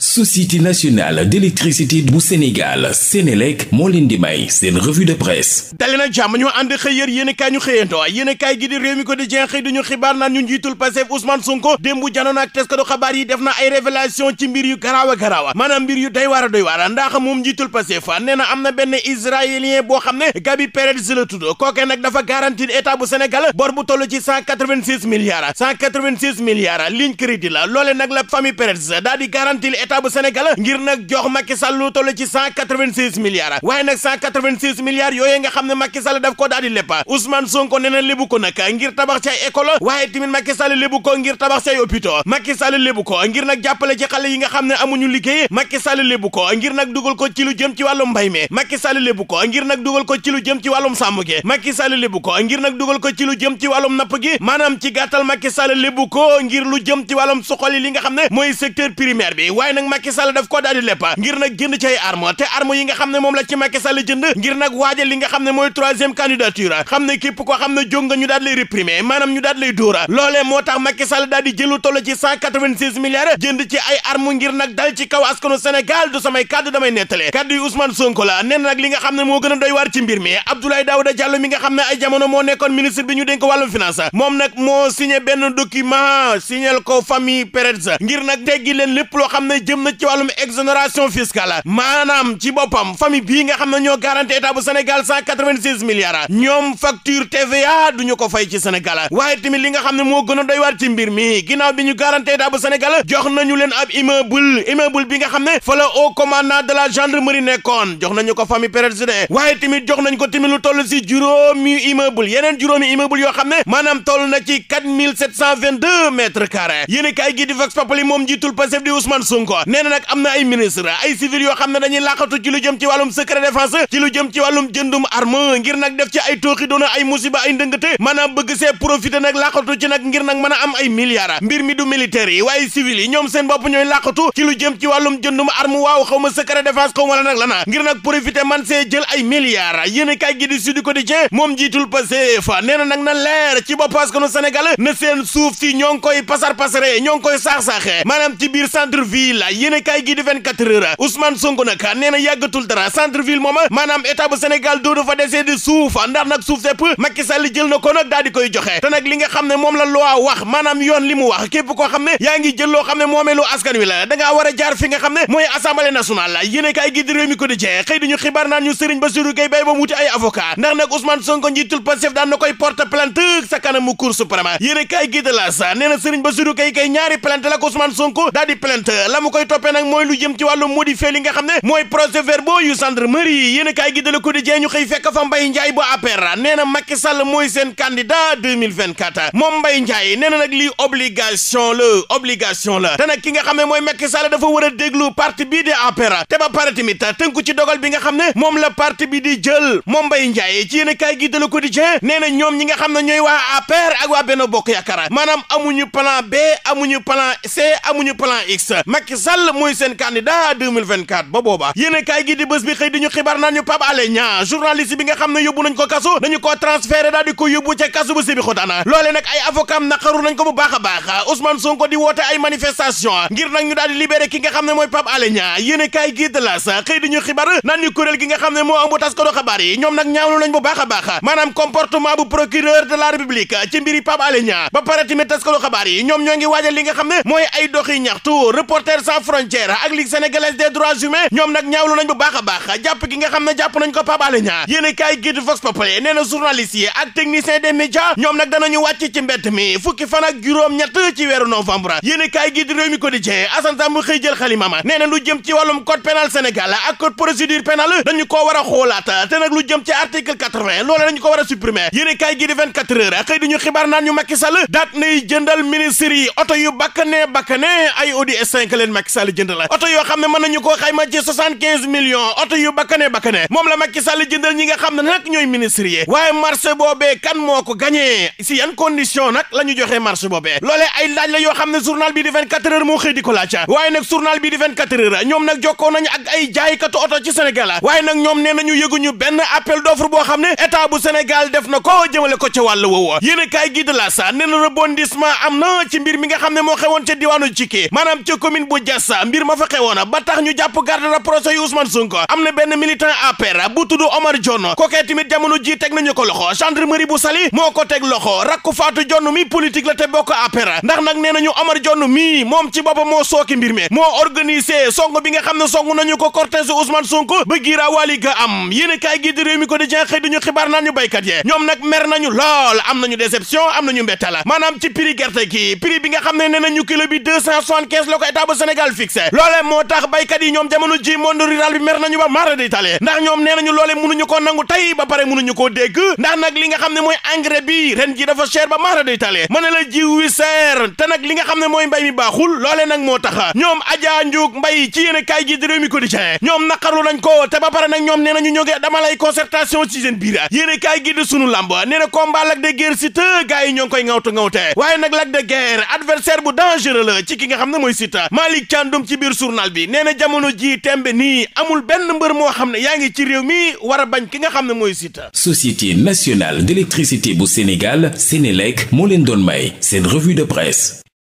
société nationale d'électricité bu Sénégal Sénélec moo leen di may seen revue de presse dali nag jàmm ñu ànd xëy yér yéen ñu xëyantoo yéen i kaay gi réew mi ko di jeex xëy duñu xibaar naan ñu njiitul Pastef Ousmane Sonko démb janoon ak taskatu xabaar yi def na ay révélation ci mbir yu garaaw a garaaw mbir yu doy waar a doy waar a njiitul Pastef nee na am na benn israélien boo xam ne Gabi Perez la tudd kooke nag dafa garantir état senegal ngir nag jox Macky Sall lu toll ci cent quatre-vingt-six milliards waaye nag cent quatre-vingt-six milliards yooyu nga xam ne Macky Sall daf ko daal di lépp Ousmane Sonko nee na lébu ko nag ngir tabax ci ay école waaye tamit Macky Sall lébu ko ngir tabax ci ay hôpitaux Macky Sall lébu ko ngir nag jàppale ci xale yi nga xam ne amuñu liggéey Macky Sall lébu ko ngir nag dugal ko ci lu jëm ci wàllum mbay mi Macky Sall lébu ko ngir nag dugal ko ci lu jëm ci wàllum sàmm gi Macky Sall lébu ko ngir nag dugal ko ci lu jëm ci wàllum napp gi maanaam ci gàttal Macky Sall lébu ko ngir lu jëm ci wàllum suqali li nga xam ne mooy secteur primaire bi nag Macky Sall daf koo daal di lepp ngir nag jënd ci ay arme te arme yi nga xam ne moom la ci Macky Sall jënd ngir waaja li nga xam ne mooy troisième candidature xam ne képp koo xam ne jóg nga ñu daal lay réprimer maanaam ñu daal lay dóora loolee moo tax Macky Sall jëlu toll ci cent quatre vingt jënd ci ay arme ngir dal ci kaw askanu Sénégal du samay kaddu damay nettale kaddu yi Ousmane Sonko la nee nag li nga xam ne moo gën a doy waar ci mbir mi Abdoulaye Daouda Diallo mi jëm na ci wàllum exonération fiscale maanaam ci boppam famille bii nga xam ne ñoo garanti état bu Sénégal 196 milliards ñoom facture TVA ñu ko fay ci Sénégal waaye tamit li nga xam ne moo gën a doy waat ci mbir mi ginnaaw bi ñu garante état bu Sénégal jox nañu leen ab immeuble immeuble bi nga xam ne fa o haut commandant de la gendarmerie nekkoon jox nañu ko famille président waaye tamit jox nañ ko tamit lu toll si juróomi immeuble yeneen juróomi immeuble yoo xam ne maanaam toll na ci 4722 mètres carrés yéen a kaay gi di Vox Populi moom jiitul Pastef di Ousmane ko na nag am na ay ministre ay civil yoo xam ne dañuy làqatu ci lu jëm ci wàllum secret défense ci lu jëm ci wàllum jëndum arme ngir nag def ci ay tooxi doona ay musiba ay ndëngate maanaam bëgg see profité nag làqatu ci nag ngir nag mën a am ay milliards mbir mi du militaire yi waaye civil yi ñoom seen bopp ñooy làqatu ci lu jëm ci wàllum jëndum arme waaw xaw ma secret défense xaw la nag la na ngir nag profité man see jël ay milliards yéen kay gi di Sud Quotidien moom jiitul Pastef nee na nag na leer ci bopp askanu seen suuf si ñoo ngi koy pasar pasare ngi koy saax-saaxee maanaam ci biir centre ville la yéen a kaay gii di 24 heures Ousmane Sonko nag nee na yàggatul dara centre ville moom maanaam état Sénégal doo dafa desee di suuf ndax nag suuf sépp Macky Sall jël na ko nag daal di koy joxe te li nga xam ne moom la loi wax maanaam yoon li mu wax képp koo xam ne yaa ngi jël loo xam ne moomeelu askan wi la da war a jaar fi nga xam ne mooy assemblée nationale la yéen a kaay gii ko di jee xëy diñu xibaar naan ñu Serigne ba wuti ay a kaay gii di na Serigne Bassirou Gueye kay ñaari plainte la ko Ousmane Sonko daal di plainte mu koy toppee nag mooy lu jëm ci wàllu modifier li nga xam ne mooy procès verbaux yu gendarmerie yi yéen a kaay gi dala ko di jee ñu xëy fekk fa Mbaye Ndiaye bu APR nee na Macky Sall mooy seen candidat moom bay Ndiaye nee na nag lii obligation la obligation la te ki nga xam ne mooy Macky Sall dafa war a déglu parti bii di APR te ba pare tamit tënku ci dogal bi nga xam ne moom la parti bi di jël moom Mbaye Ndiaye ci yéen a kaay gi dala ko di jee nee na ñoom ñi xam ne ñooy waa APR ak maanaam amuñu plan B amuñu plan C amuñu plan X Macky sal mooy seen candidat 2024 ba boobaa yéen kaay xëy di ñu xibaar naan ñu Pape Alé Niang bi nga xam ne yóbbu nañ ko kaso dañu koo transféré daal ko yóbbu ca kaso bu Sébikotane loole nag ay avocat am naqaru nañ ko bu baax a baax Ousmane Sonko di woote ay manifestation ngir nag ñu daal ki nga xam ne mooy Pape Alé Niang yéen kaay gi de las xëy di ñu xibaar naan kuréel gi nga xam ne moo ëmb tas ko do xabaar ñoom nag ñaawlu nañ a baax maanaam comportement bu procureur de la République ci ba pare tamit tas yi ñoom ñoo ngi xam ne mooy sans frontière ak ligue sénégalaise des droits ñoom nag ñaawlu nañ bu baax a baax jàpp nga xam ne jàpp nañ ko pabaale ñaar yéen i kaay gii di Vox Populi nee na journalistes yi ak techniciens des ñoom nag danañu wàcc ci mbett mi fukki fan ak juróom ci weeru novembre yéen i kaay gii di Rewmi Quotidien Assane Samb xëy jël xalima ma nee jëm ci wàllum code pénal Sénégal ak code procédure pénale dañu koo war xoolaat te nag lu jëm ci article 80 Macky Sall jënd la oto yoo xam ne mën nañu koo xayma ci soixante-quinze millions oto yu bakkane bakkane moom la Macky Sall jëndal ñi nga xam ne nag ñooy ministres yi waaye marché boobee kan moo ko gagné si yan condition nag la ñu joxee marché boobee loolee ay laaj la yoo xam ne journal bi di 24 heures moo xëy di ko waaye nag journal bi di 24 heures ñoom nag jokkoo nañu ak ay jaaykatu oto ci Sénégal waaye nag ñoom nee na ko jëmale ko ca wàll woowu yéen a Diass mbir ma fa xewoon ba tax ñu jàpp garde rapprochée yu Ousmane Sonko am na benn militant APR bu tudd Omar Dione kookee tamit jamono ji teg nañu ko loxo gendarmerie bu Saly moo ko teg loxo rakku Fatou Dione mi politique la te bokk APR ndax nag nee nañu Omar Dione mii moom ci boppam moo sooki mbir mi moo organisé song bi nga xam ne song nañu ko cortège Ousmane Sonko ba giiraawaali ga am yéen a kaay mi ko di jeex xëy duñu xibaar nañu lool am Sénégal fixé loole moo tax béykat yi ñoom jamono ji monde rural bi mer nañu ba mara di tale ndax ñoom nee nañu loole mënuñu koo nangu tey ba pare mënuñu koo dégg ndax nag li nga xam ne mooy engrais bi ren ji dafa cher ba mara di tale la jiw wi seer te nag li nga xam ne mooy mbéy mi baaxul loole nag moo tax ñoom Adja Ndiouk ci yéen kaay gi di Rewmi ñoom naqarlu nañ te ba pare nag ñoom nee nañu ñoge gi di sunu ci ki nga xam Malick Thiandoum ci biir journal bi nee na jamono jii tembe nii amul benn mbër moo xam ne yaa ngi ci réew mi war bañ ki nga xam ne mooy Siteu. Société nationale d'électricité bu Sénégal Sénélec moo leen doon may seen revue de presse.